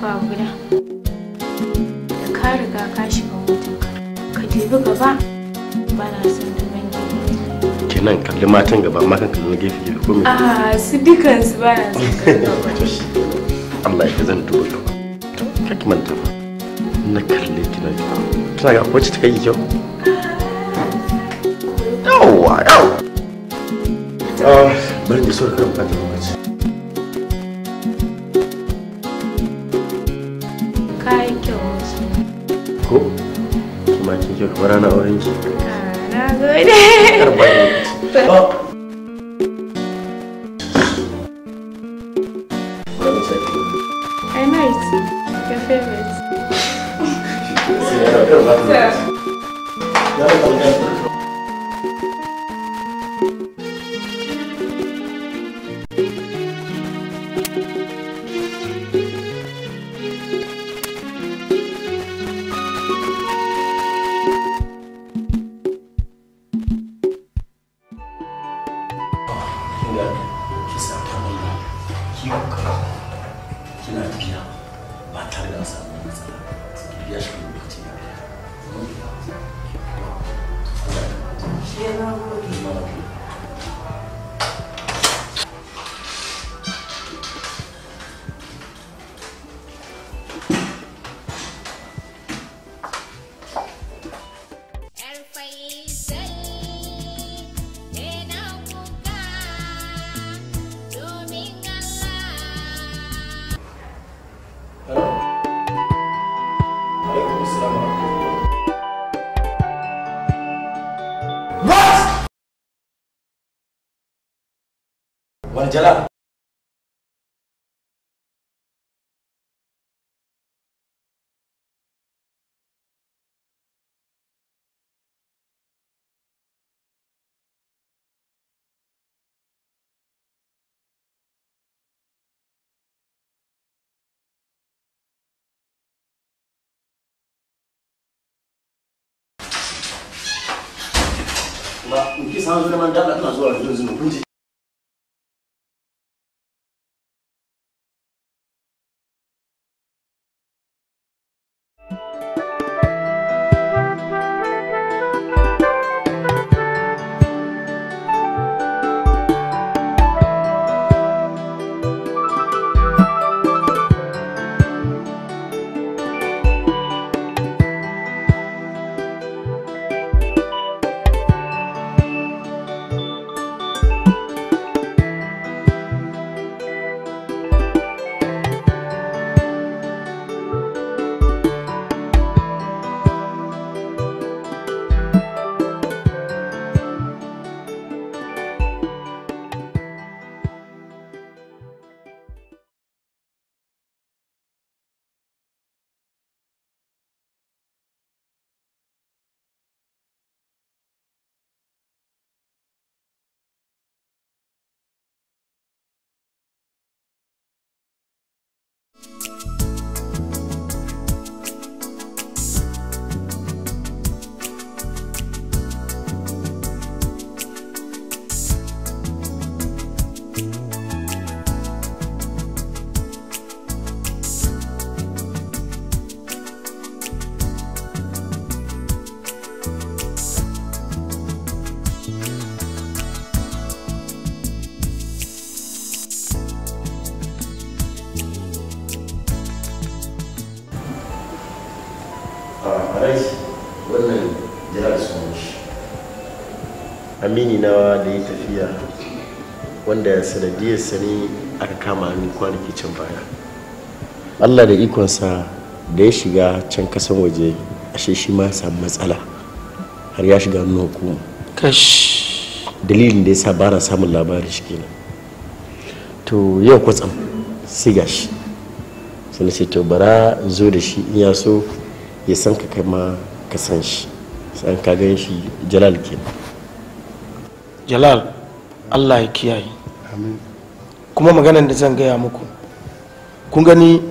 ba guda da ka riga ka shiga ka dubi gaba ba na son kenan kalli matan gaba ma kan kalli gefe gefe ko me a ah, su dukan su ba na son Allah ya zan manta na kina kina ga wacce ta kai kyau ah. yawwa yawwa ah, bari ni so da kan fata lokaci Warjalan. amini na da ya tafiya wanda ya sanadiyar sani aka kama ni kwanaki can baya allah da ikonsa da ya shiga can kasan waje ashe shi ma samu matsala har ya shiga nuna hukuma kash dalilin da ya sa ba samun labari shi kenan to yau kwatsam sai shi sai ce to bara zo da shi in ya so ya san ka kai ma ka shi san ka gan shi jalal kenan jalal allah ya kiyaye kuma maganan da zan gaya muku kun gani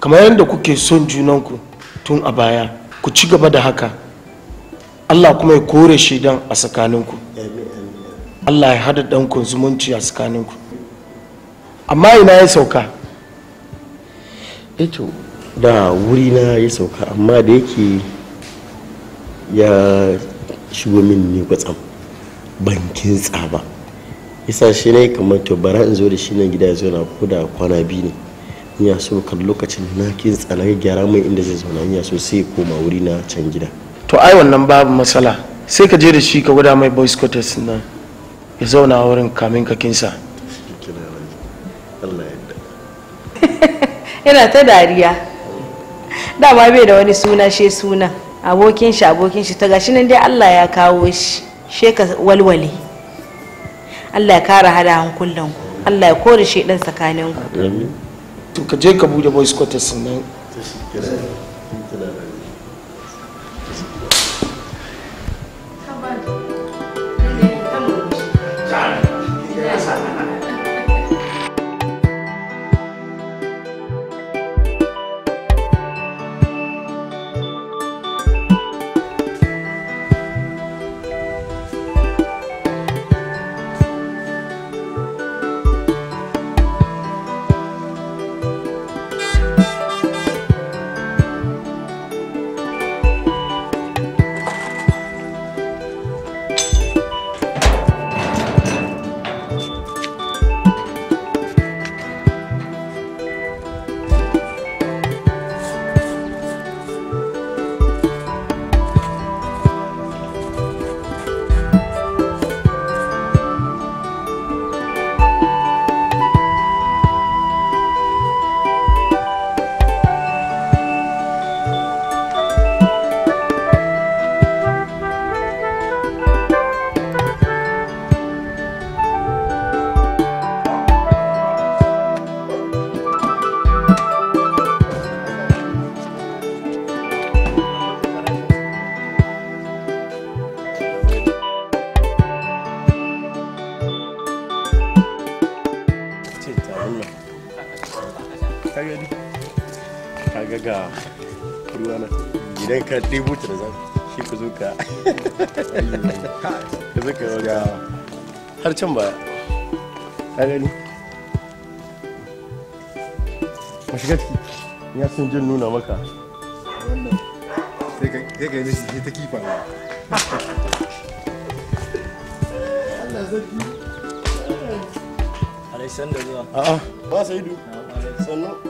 kamar yadda kuke son junanku tun a baya ku ci gaba da haka allah kuma ya kore shi dan a tsakaninku allah ya hada ɗanku zumunci a tsakaninku amma ina ya sauka ito eh da wuri na ya sauka amma da yake ya shigo min ne kwatsam ban kintsa ba isa shi ne kamar to bara in zo da shi nan gida ya zauna ko da kwana biyu ne in ya so kan lokacin na kintsa na gyara mai inda zai zauna in ya so sai koma wuri na can gida to ai wannan babu matsala sai ka je da shi ka gwada mai boys quarters na ya zauna wurin kamin ka kinsa yana ta dariya dama bai da wani suna shi suna abokin shi abokin shi ta gashi nan dai Allah ya kawo shi sheka walwale Allah ya kara hada hankulan ku Allah ya kore shi dan tsakanin to ka je ka bude boys quarters sannan gani kaga ga ruwa na idan ka ɗebo ta da zafi shi ka zo ka ka zo ka ga har can ka gani ya sun jin nuna maka sai ka yi da ta kifa ne Allah Alexander zuwa a'a ba sai du sannan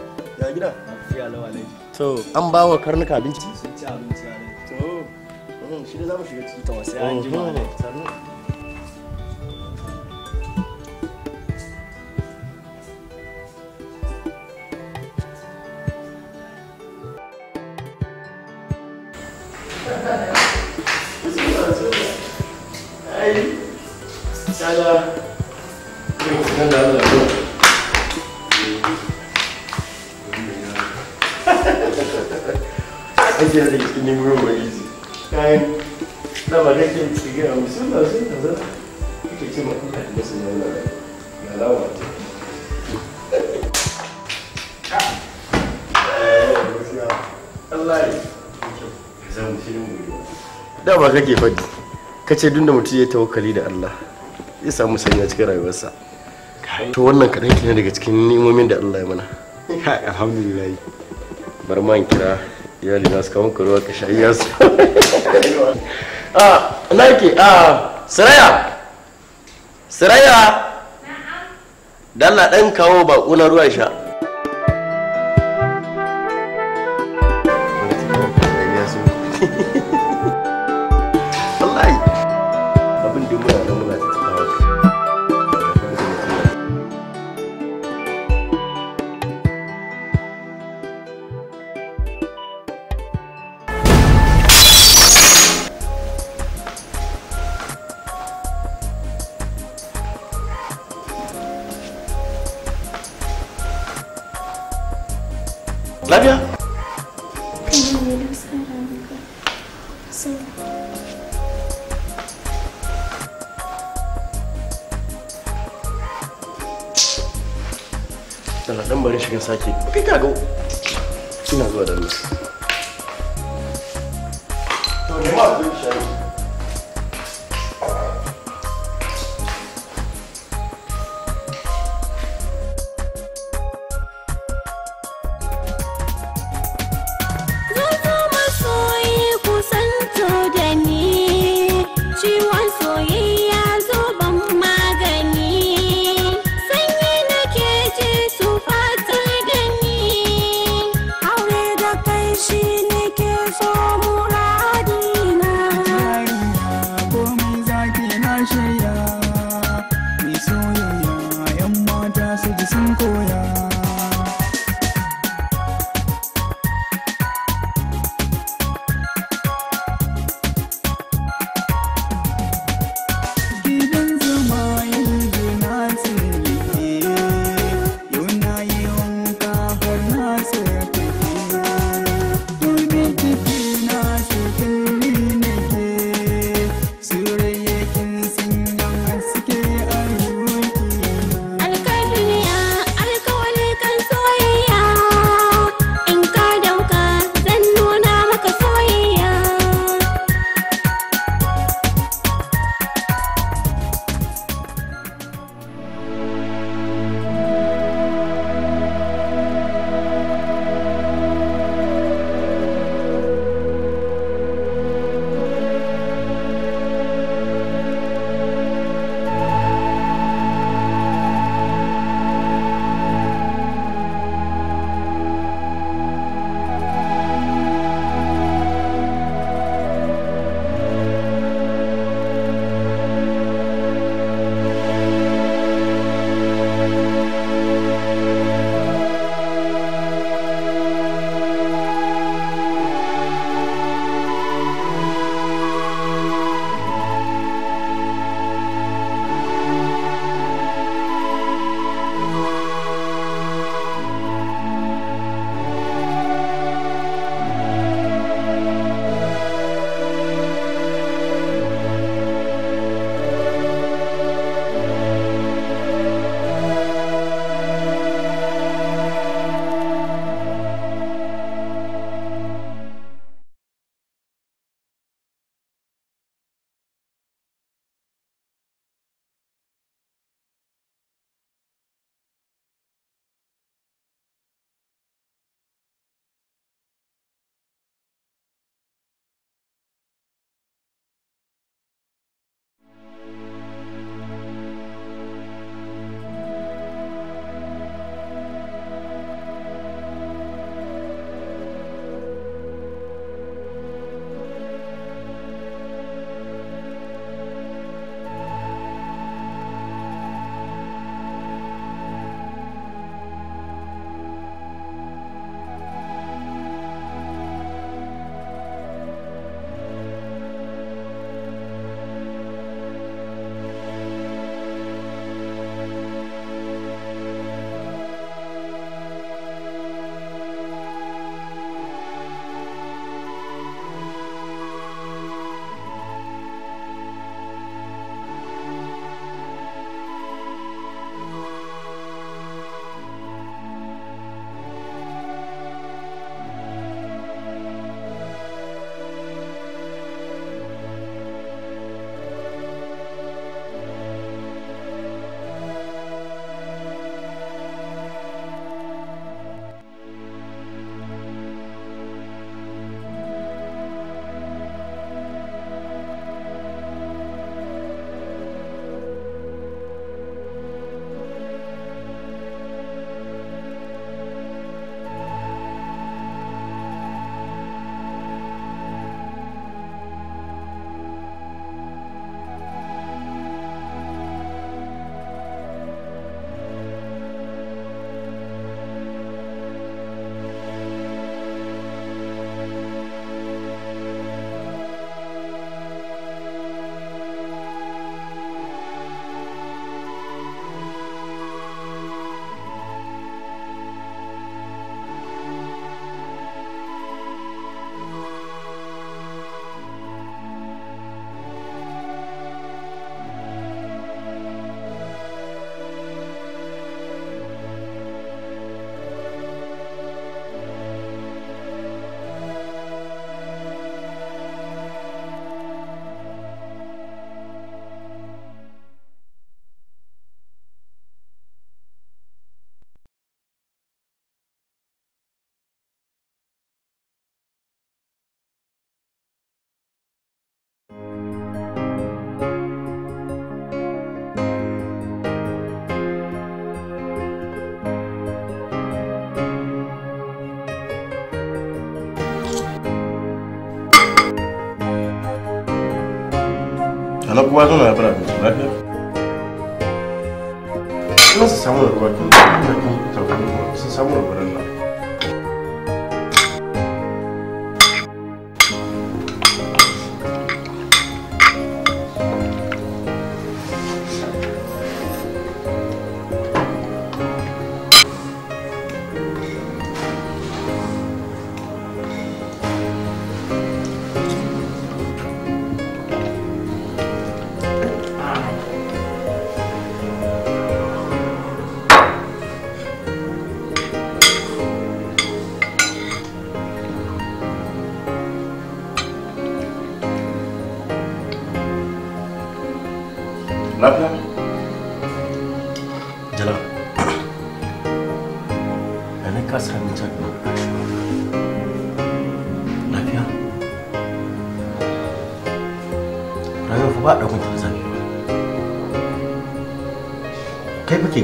gidan to an ba wa karnuka abinci sun ci abinci to mm, shi da za mu shiga ciki to sai an ji ma da ba kake faɗi ka ce duk da mutum ya tawakkali da Allah ya samu sanya cikin rayuwarsa to wannan kaɗan ke daga cikin nemomin da Allah ya mana alhamdulillah bar ma kira iyali na su kawo ka ruwa ka sha iya su ah nake ah siraya siraya dalla dan kawo baƙo na ruwa sha kowa zo na fara da su lafiya ina su samu da ruwa kin da kin da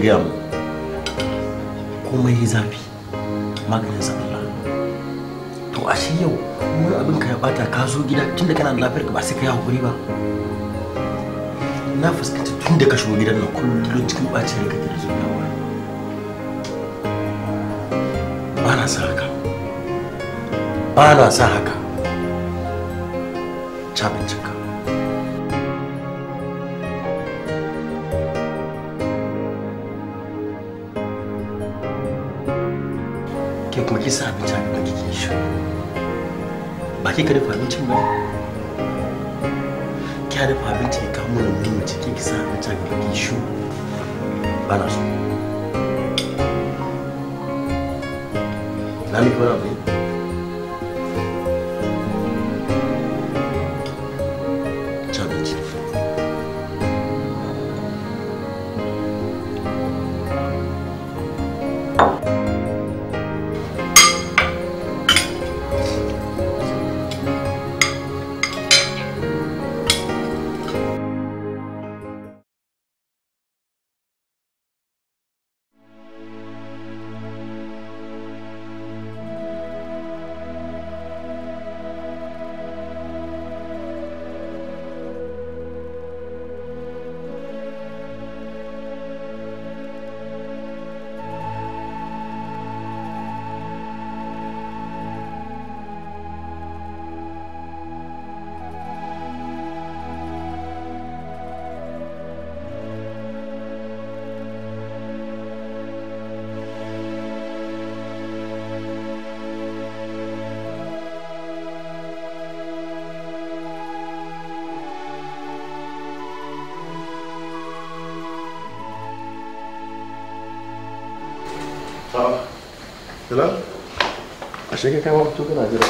gaya mu komai ya zafi maganin sa to ashe yau wani abin ka ya bata ka zo gida tun da kana da lafiyar ka ba sai ka yi hakuri ba na fuskanci tun da ka shigo gidan nan kullum cikin ɓacin ranka da ba na sa haka ba na sa haka ki sa abinci a gaba shi ba ka dafa abincin ba ki dafa abinci ki kawo mana mun ki sa a gaba shi ba na so na miki Hello? A shi kai ma fito kana jira.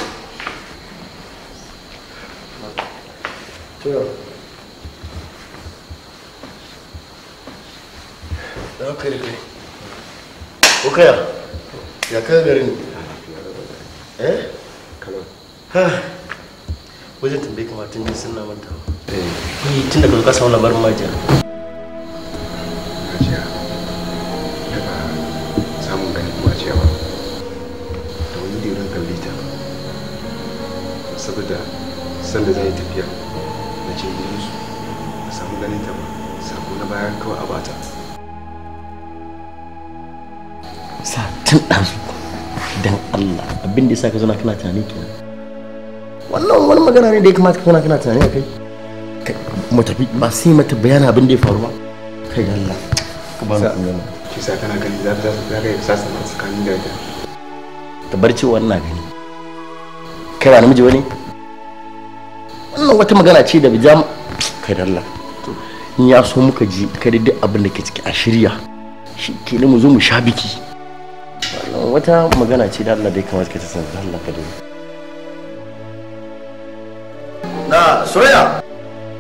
To. Da ka rufe. Ko kaya? Ya ka garin? Eh? Kana. Ha. Wajen tambaye kamar tun jin sunna manta. Eh. Ni tun daga ka samu labarin majiya. san da yi tafiya na ce gurin su a samu ganin ta ba sako na bayan kawai a bata sa tun ɗazu dan Allah abin da ya sa ka zauna kana tunani kenan wannan wani magana ne da ya kamata ka zauna kana tunani a kai mu tafi ba sai mata bayanin abin da ya faru ba kai Allah ka ba mu shi sa kana gani za ta za ka yi sasa tsakanin da ita ka bar cewa ina gani kai ba namiji wani Allah wata magana ce da bijam kai da Allah in ya so muka ji ka da duk abin da ke ciki a shirya shi ke mu zo mu sha biki wata magana ce da Allah dai kamar ka ta san Allah ka dai na soya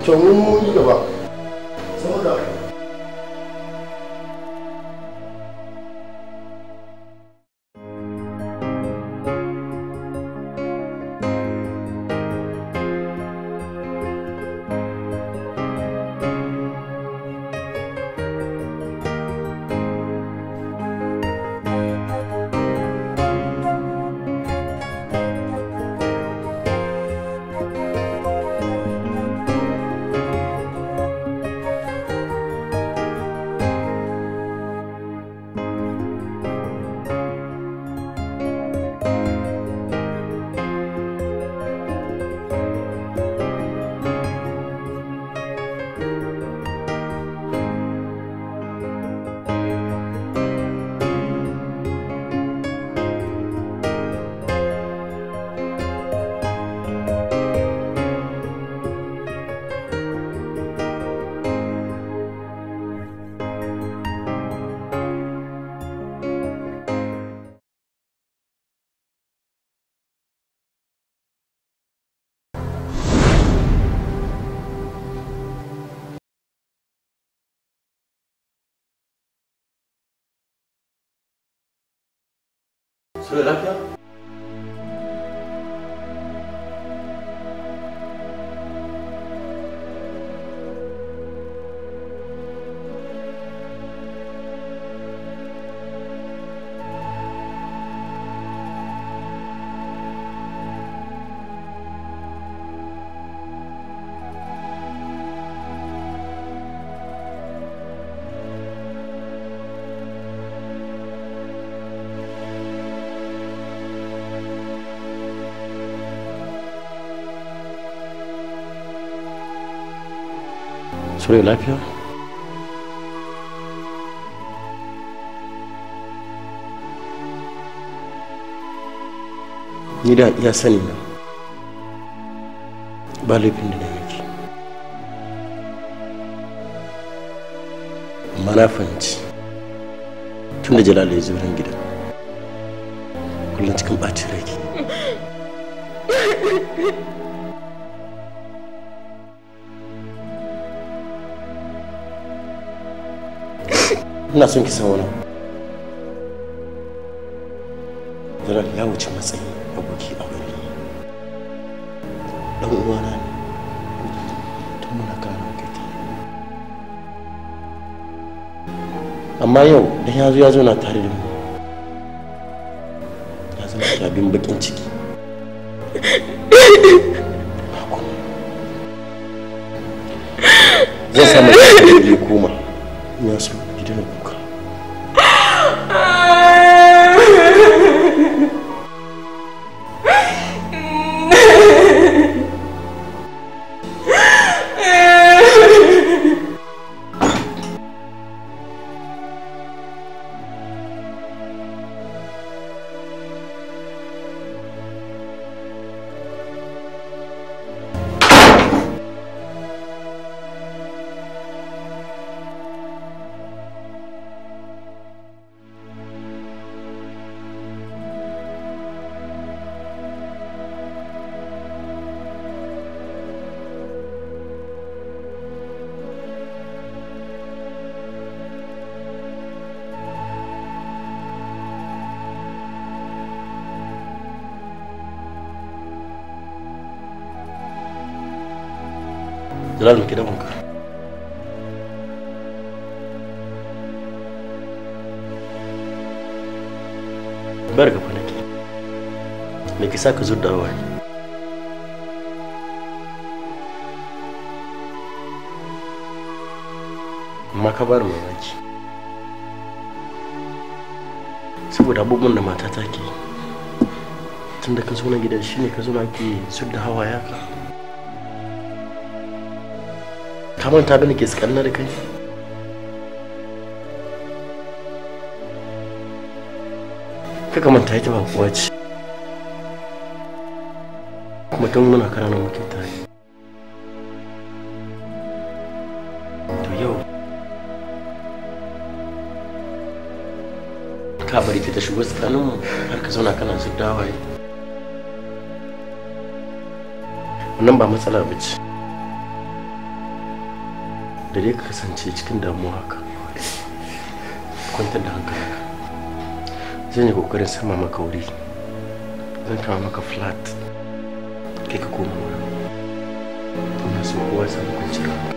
to mun mun gaba le lapin Sure lafiya? Ni da iya sani na. Ba laifin da na miki. Amma na fahimci. Tun da Jalal ya zo gidan. Kullum cikin ɓacin rai. ina son ki san wani Jalal ya wuce matsayi aboki a wuri dan uwana ne tun muna kana kai ta amma yau dan ya zo ya zo na tare da mu ya zama abin bakin ciki zai samu da ya koma ya so gidan ku sa ka zo da hawaye makabar mamaki saboda abubuwan da matata ke tun da ka zo na gida shi ne ka zo na ke sud da hawa ya ka ka manta da nake tsakanna da kai kaka manta yake ba kuwa ce mutum muna ƙananan muke tare to yau ka bari ta shigo tsakanin mu har ka zauna kana su dawaye wannan ba matsala ba ce da dai ka kasance cikin damuwa haka kwantar da hankalinka zan yi kokarin sama maka wuri zan kama maka flat kai ka koma ina so kowa samu kwanciyar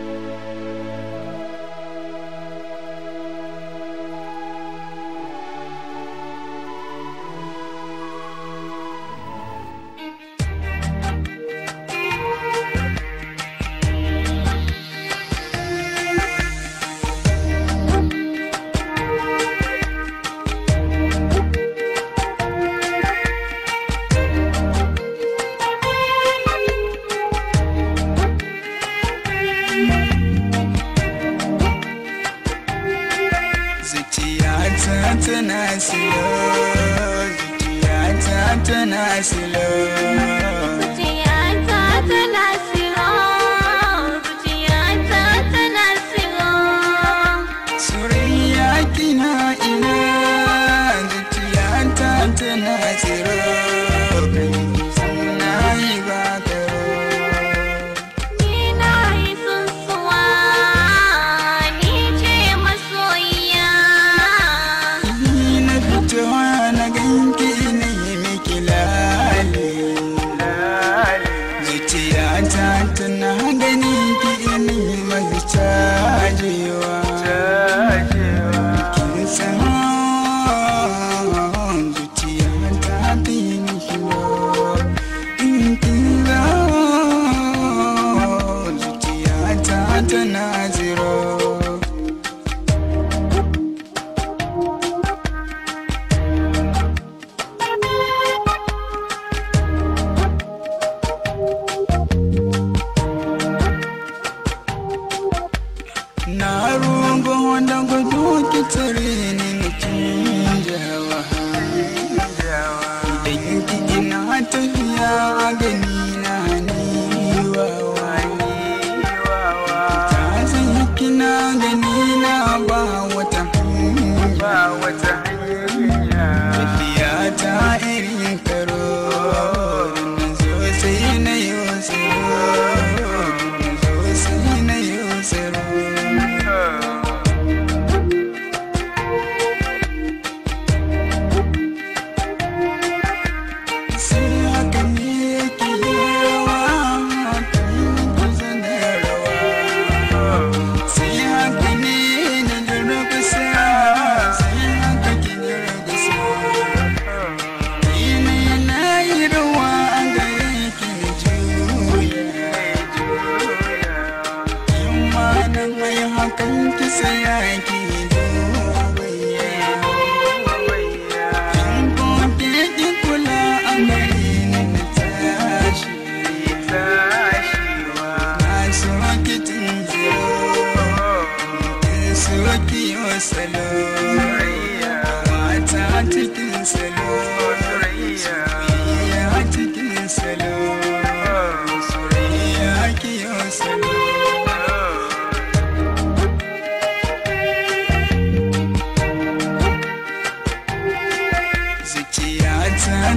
ina tafiya gani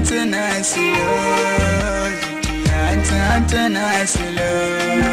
tonight, so love. Tonight, tonight, so love.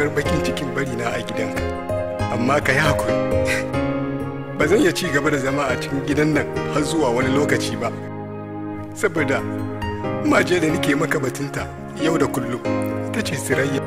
shigar bakin cikin bari na a gidanka amma ka yi hakuri ba zan iya ci gaba da zama a cikin gidan nan har zuwa wani lokaci ba saboda maje da nake maka batunta yau da kullum ta ce sirayya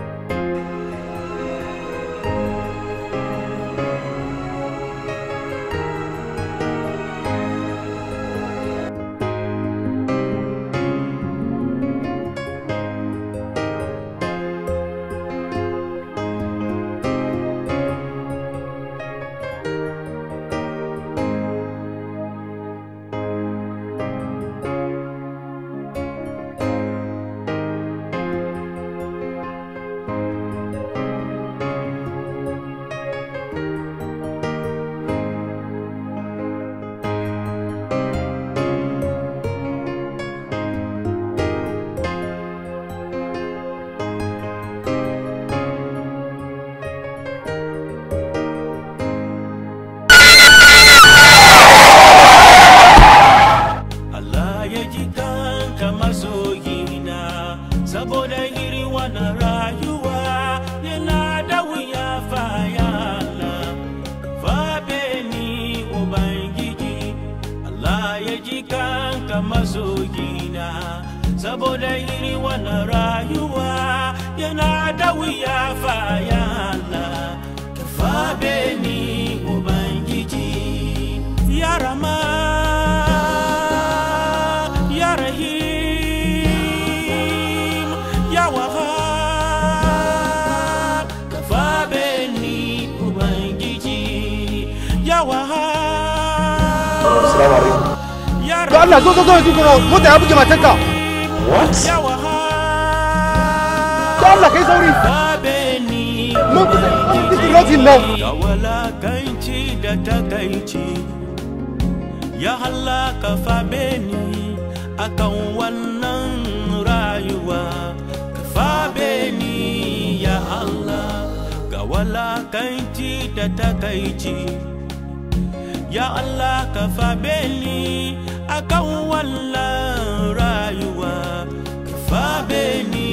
dawuya fayala kafa beni ubangiji ya rama ya rahim ya wahab kafa beni ubangiji ya wahab assalamu alaikum ya Allah zo zo zo zo mota ya buge matanka what da Allah kai sauri mun kusa mun kusa lodging da da takaici ya halaka fabe ni akan wannan rayuwa ka fabe ni ya Allah ga walakanci da takaici ya Allah ka fabe ni akan wannan rayuwa ka fabe ni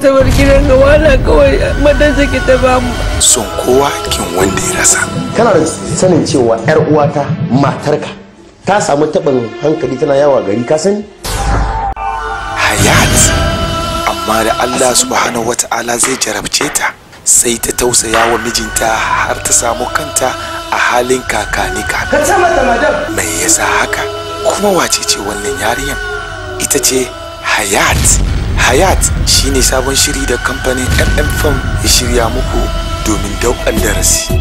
ta gidan ga wala kawai madan take ta ba mu son kowa kin wanda ya rasa kana da sanin cewa yar uwata matarka ta samu taɓin hankali tana yawa gari ka sani hayat amma da Allah subhanahu wata'ala zai jarabce ta sai ta tausaya wa mijinta har ta samu kanta a halin kakanika. ka mai yasa haka kuma wace ce wannan yarinyar ita ce hayat hayat shi ne sabon shiri da kamfanin mm film ya shirya muku domin daukan darasi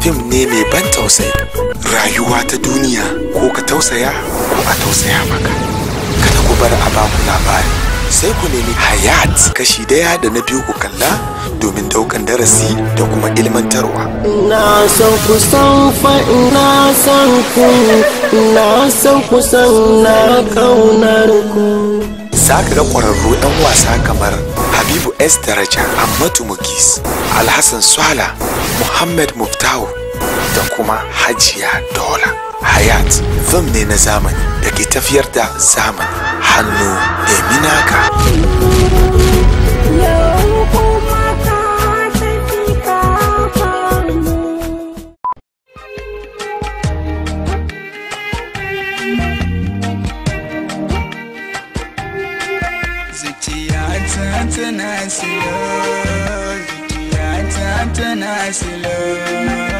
fim ne mai ban tausayi rayuwa ta duniya ko ka tausaya ko a tausaya maka kada ku bar a baku labari sai ku nemi hayat kashi daya da na biyu ku kalla domin daukan darasi da kuma ilmantarwa na san ku san fa na san ku na san ku san na kaunar ku za ka ga ƙwararru ɗan wasa kamar habibu s daraja Ahmadu mugis alhassan swala muhammad muftahu da kuma hajiya dola hayat fim ne na zamani da ke tafiyar da zamani hannu ne Minaka. laissez